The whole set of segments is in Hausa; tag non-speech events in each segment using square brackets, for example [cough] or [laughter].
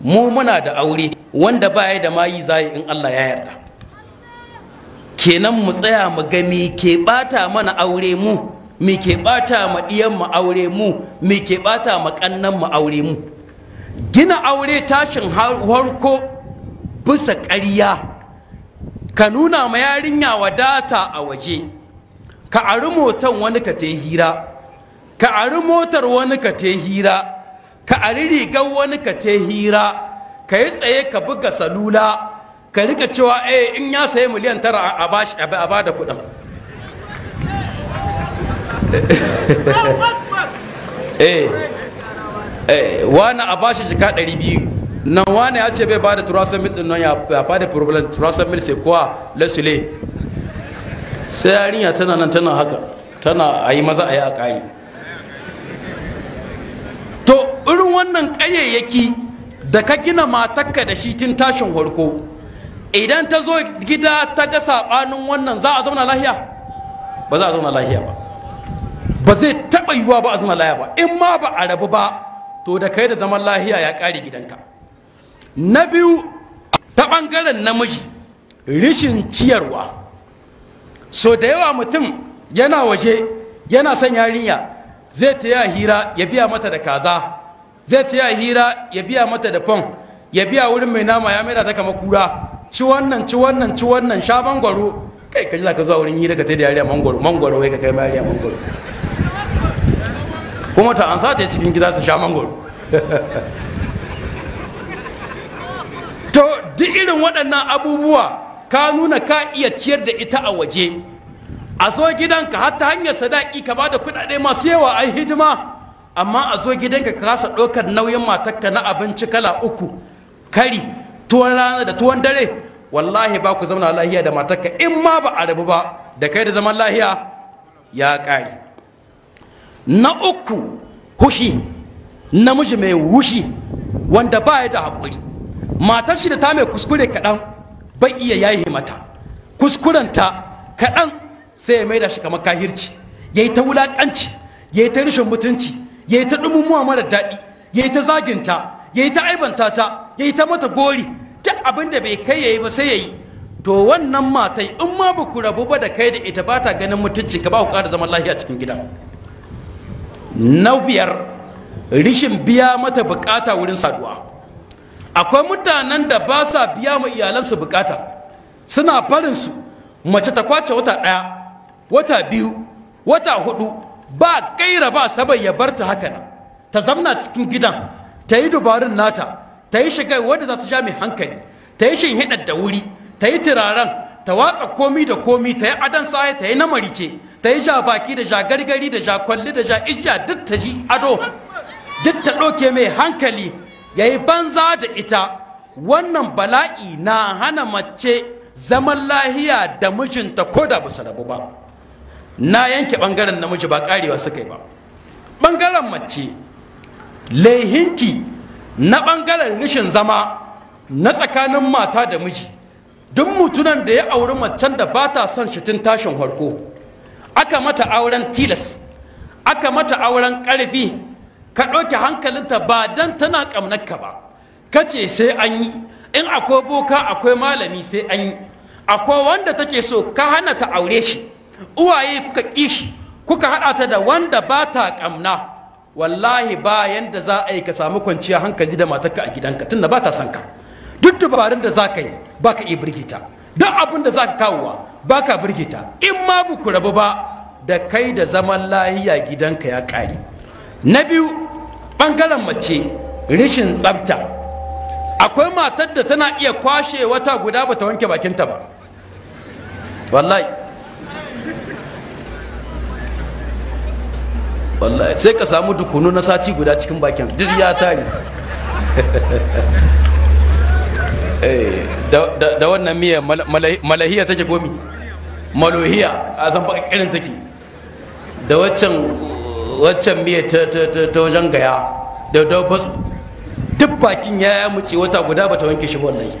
mu muna da aure wanda baya da mayi zai in Allah ya yarda kenan mu tsaya mu ga me ke bata mana aure mu me ke bata ma diyan mu aure mu me ke bata ma kannan mu aure mu gina aure tashin harko bisa ƙarya ka nuna ma yarinya wadata a waje ka ari motan wani ka te hira ka ari motar wani ka te hira ka ari rigar wani ka te hira ka yi tsaye ka buga salula ka rika cewa eh in ya sayi miliyan tara a ba da kuɗin [laughs] eh, eh, wani a bashi shi ɗari biyu nan wani ya ce bai ba da turasan mil ɗin ya ba da problem turasan mil sai kuwa lasule sai yarinya tana nan tana haka tana a yi maza a yi a ƙari wannan ƙayayyaki da ka gina matakka da shi tun tashin warko idan ta zo gida ta ga saɓanin wannan za a zauna lahiya ba za a zauna lahiya ba ba zai taɓa yiwuwa ba a zauna lahiya ba in ma ba a rabu ba to da kai da zaman lahiya ya ƙare gidanka na biyu ta ɓangaren namiji rishin ciyarwa so da yawa mutum yana waje yana son yarinya zai ta hira ya biya mata da kaza zai taya hira ya biya mata da fon ya biya wurin mai nama ya maida ta kama kura ci wannan ci wannan ci wannan sha mangwaro kai ka ji za ka zuwa wurin hira ka ta da yariya mangwaro mangwaro wai ka kai yariya mangwaro kuma ta ansa ta cikin gida su sha mangwaro [laughs] to duk irin waɗannan abubuwa ka nuna ka iya ciyar da ita a waje a so gidanka har ta hanyar sadaki ka ba da kuɗaɗe masu yawa a hidima amma a zo gidanka ka kasa ɗaukar nauyin matarka na abinci kala uku kari tuwon rana da tuwon dare wallahi ba ku zama lahiya da matarka in ma ba a rabu ba da kai da zaman lahiya ya ƙare na uku hushi namiji mai hushi wanda ba ya da haƙuri matar shi da ta mai kuskure kaɗan bai iya yayi mata kuskurenta kaɗan sai ya mai da shi kamar kahirci ya yi ta wulaƙanci ya yi ta rashin mutunci ya yi ta ɗumumuwa mara daɗi ya yi ta zaginta ya yi ta aibanta ta ya yi ta mata gori duk abin da bai kai ya yi ba sai ya yi to wannan matai in ma ba ku rabu ba da kai da ita ba ta ganin mutunci ka ba ku ƙara zaman lahiya cikin gida na biyar rishin biya mata bukata wurin saduwa akwai mutanen da ba sa biya ma iyalansu bukata suna su mace ta kwace wata ɗaya wata biyu wata hudu ba kaira ba sabai ya barta haka nan ta zamna cikin gidan ta yi dubarun nata ta yi shiga wadda za ta ja mai hankali ta yi shin hidar da wuri ta yi turaren ta watsa komi da komi ta yi adon sahi ta yi namarice ta yi ja baki da ja gargari da ja kwalli da ja ijiya duk ta ji ado duk ta ɗauke mai hankali ya yi banza da ita wannan bala'i na hana mace zaman lahiya da mijinta ko da ba rabu ba na yanke bangaren namiji ba karewa suka yi ba bangaren mace laihinki na bangaren rishin zama na tsakanin mata da miji duk mutunan da ya auri macen da ba ta son shi tun tashin harko aka mata auren tilas aka mata auren ƙarfi ka ɗauke hankalinta ba dan tana ƙamnarka ba ka ce sai an yi in akwai boka akwai malami sai an yi akwai wanda take so ka hana ta aure shi uwaye kuka kishi kuka haɗa ta da wanda ba ta ƙamna wallahi ba yanda za a yi ka samu kwanciya hankali da matarka a gidanka tunda ba ta son ka duk dabarun da za ka yi ba ka iya birgita duk abin da za ka kawowa ba ka in ma bu ku rabu ba da kai da zaman lahiya gidanka ya kare. na biyu ɓangaren mace rishin tsafta akwai matar da tana iya kwashe wata guda ba ta wanke bakinta ba wallahi wallahi sai ka samu dukunu na sati guda cikin bakin duk ya tare [laughs] eh, da wannan miya malahiya take gomi, malohiya a san baka irin take da waccan waccan miya ta wajen gaya da dabbatsu duk bakin ya muce wata guda bata wanke shi wallahi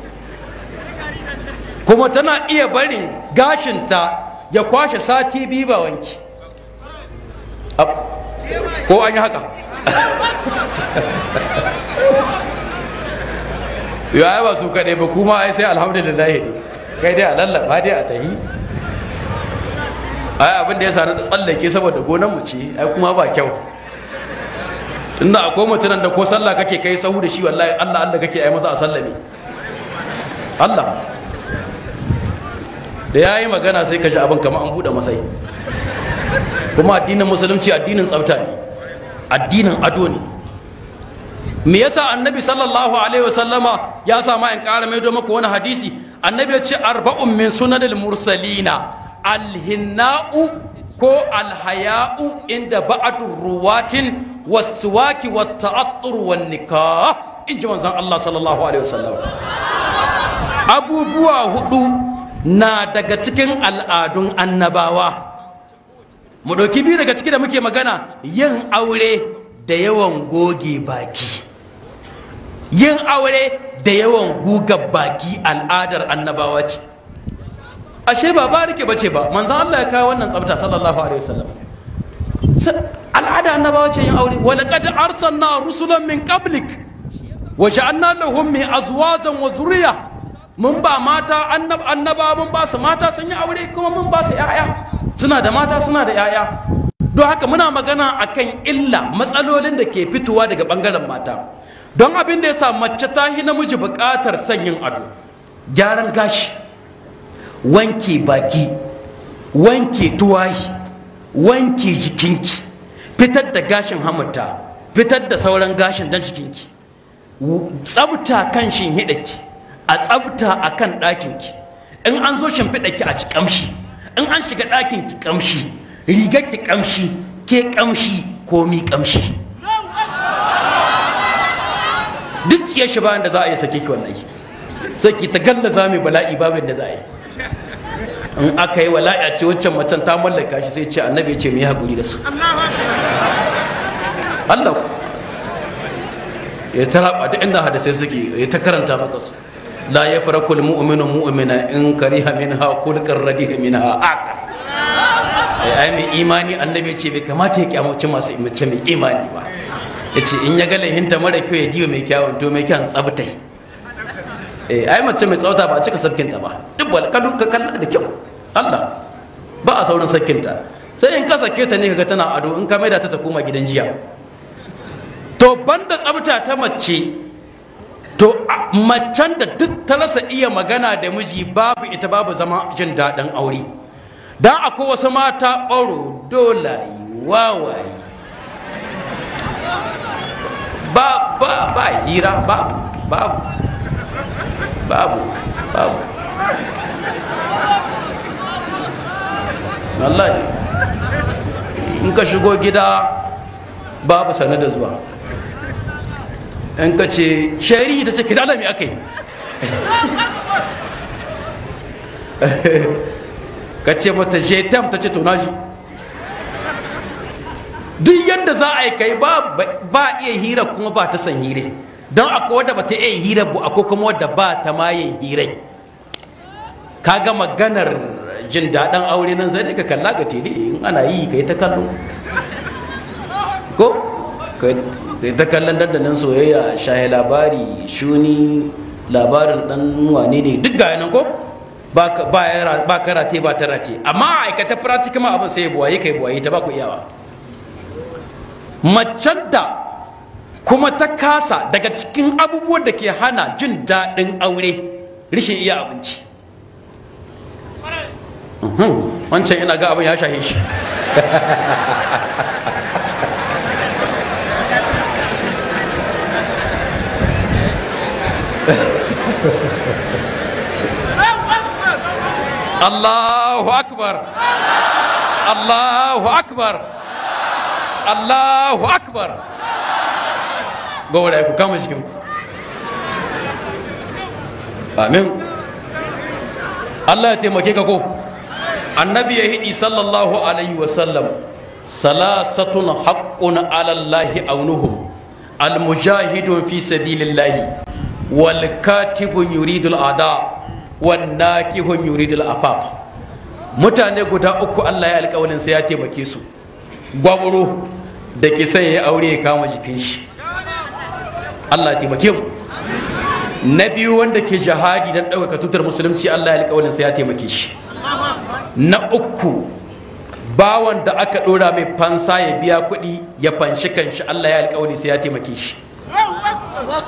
kuma tana iya barin gashinta ya kwashe sati biyu ba wanki ko an yi haka ya ba su kaɗai ba kuma ai sai alhamdulillah kai dai a lallaba dai a tahi ai abin da ya sani da tsallake saboda gonan mu ce ai kuma ba kyau inda akwai mutumin da ko sallah kake kai sahu da shi wallahi Allah Allah kake ai masa a sallame Allah da yayi magana sai ka ji abin kamar an bude masai kuma addinin musulunci addinin tsafta ne addinin ado ne me yasa annabi sallallahu alaihi wasallama ya samu ma in ƙara mai muku wani hadisi annabi ya ce arba'un min sunanil mursalina alhinna'u ko alhaya'u inda ba'atu ruwatin wasuwaki wa ta'attur nikah in ji manzon Allah sallallahu alaihi wasallam abubuwa hudu na daga cikin al'adun annabawa mu ɗauki biyu daga ciki da muke magana yin aure da yawan goge baki yin aure da yawan guga baki al'adar annabawa ce ashe ba barike bace ba manzon Allah ya kawo wannan tsafta sallallahu alaihi wasallam al'ada annabawa ce yin aure wa laqad arsalna rusulan min qablik wa ja'alna lahum min azwajan wa zurriya mun ba mata annabawa mun ba su mata sun yi aure kuma mun ba su 'ya'ya suna da mata suna da 'ya'ya don haka muna magana a kan illa matsalolin da ke fitowa daga bangaren mata don abin da ya sa mace ta hi namiji buƙatar sanyin ado gyaran gashi wanke baki wanke tuwahi wanke jikinki fitar da gashin hamata fitar da sauran gashin don jikinki tsabta kan shin hidaki a tsabta a kan ɗakinki in an zo ki a ci ƙamshi in an shiga ɗakin ki ƙamshi, rigar ki ƙamshi, ke kamshi komi ƙamshi. duk ciyar shi bayan da za a yi sake ki wannan sai ki ta za mai bala'i babin da za a yi in aka yi wala'i a ce waccan macen ta mallaka shi sai ce annabi ce mai haƙuri da su Allah ya ta raba duk inda sai suke ya ta karanta maka su la yafraku almu'minu mu'mina in kariha minha kulqar radiha minha aka ai mai imani annabi ce bai kamata ya kyamaci masu mace mai imani ba yace in ya ga lahinta mara kyau ya diyo mai kyawun to mai kyan tsabtai ai mace mai tsauta ba a cika sarkinta ba duk ba ka kalla da kyau Allah ba a saurin sakinta sai in ka sake ta ne kaga tana ado in ka maida ta ta kuma gidan jiya to banda tsabta ta mace to macen da duk ta rasa iya magana da miji babu ita babu zama jin daɗin aure don akwai wasu mata ɓaro dolayi wawaye ba ba ba hira babu babu babu babu wallahi in ka shigo gida babu sane da zuwa in ka ce shari'i ta ce ki dala aka yi [laughs] ka ce mata jetam ta ce tonaji duk yadda za a yi kai ba iya hira kuma ba ta san hire don akwai wadda ba ta iya hira bu akwai kuma wadda ba ta ma yin hirai ga maganar jin daɗin aure nan zai ka kalla ga tele in ana yi ka yi ta kallo ko kai ta kallon dandanin soyayya shahe labari shuni labarin dan wane ne duk ga yanan ko ba karate ba tarate amma aikata ma abin sai buwaye kai buwaye ta ba ku iyawa macen da kuma ta kasa daga cikin abubuwan da ke hana jin daɗin aure rishin iya abinci mhm. wancan ina ga abin ya shahe shi [laughs] Allahu akbar Allahu akbar Allahu akbar gauraye ku kama cikin ku amin Allah ya taimake ka ko annabi ya hidi sallallahu alaihi a salasatun Al ala Allahi aunuhum المجاهد في سبيل الله والكاتب يريد الأداء wannan kihun da afaf mutane guda uku Allah ya alƙawarin sai ya taimake su gwaburo da ke sanya aure ya kama jikin shi Allah taimake mu na biyu wanda ke jihadi don ɗaukaka tutar musulunci Allah ya alƙawarin sai ya taimake shi na uku bawan da aka ɗora mai fansa ya biya kuɗi ya fanshi kanshi Allah ya alƙawari sai ya taimake shi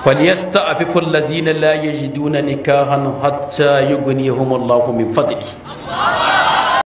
فليستعفف الذين لا يجدون نكاحا حتى يغنيهم الله من فضله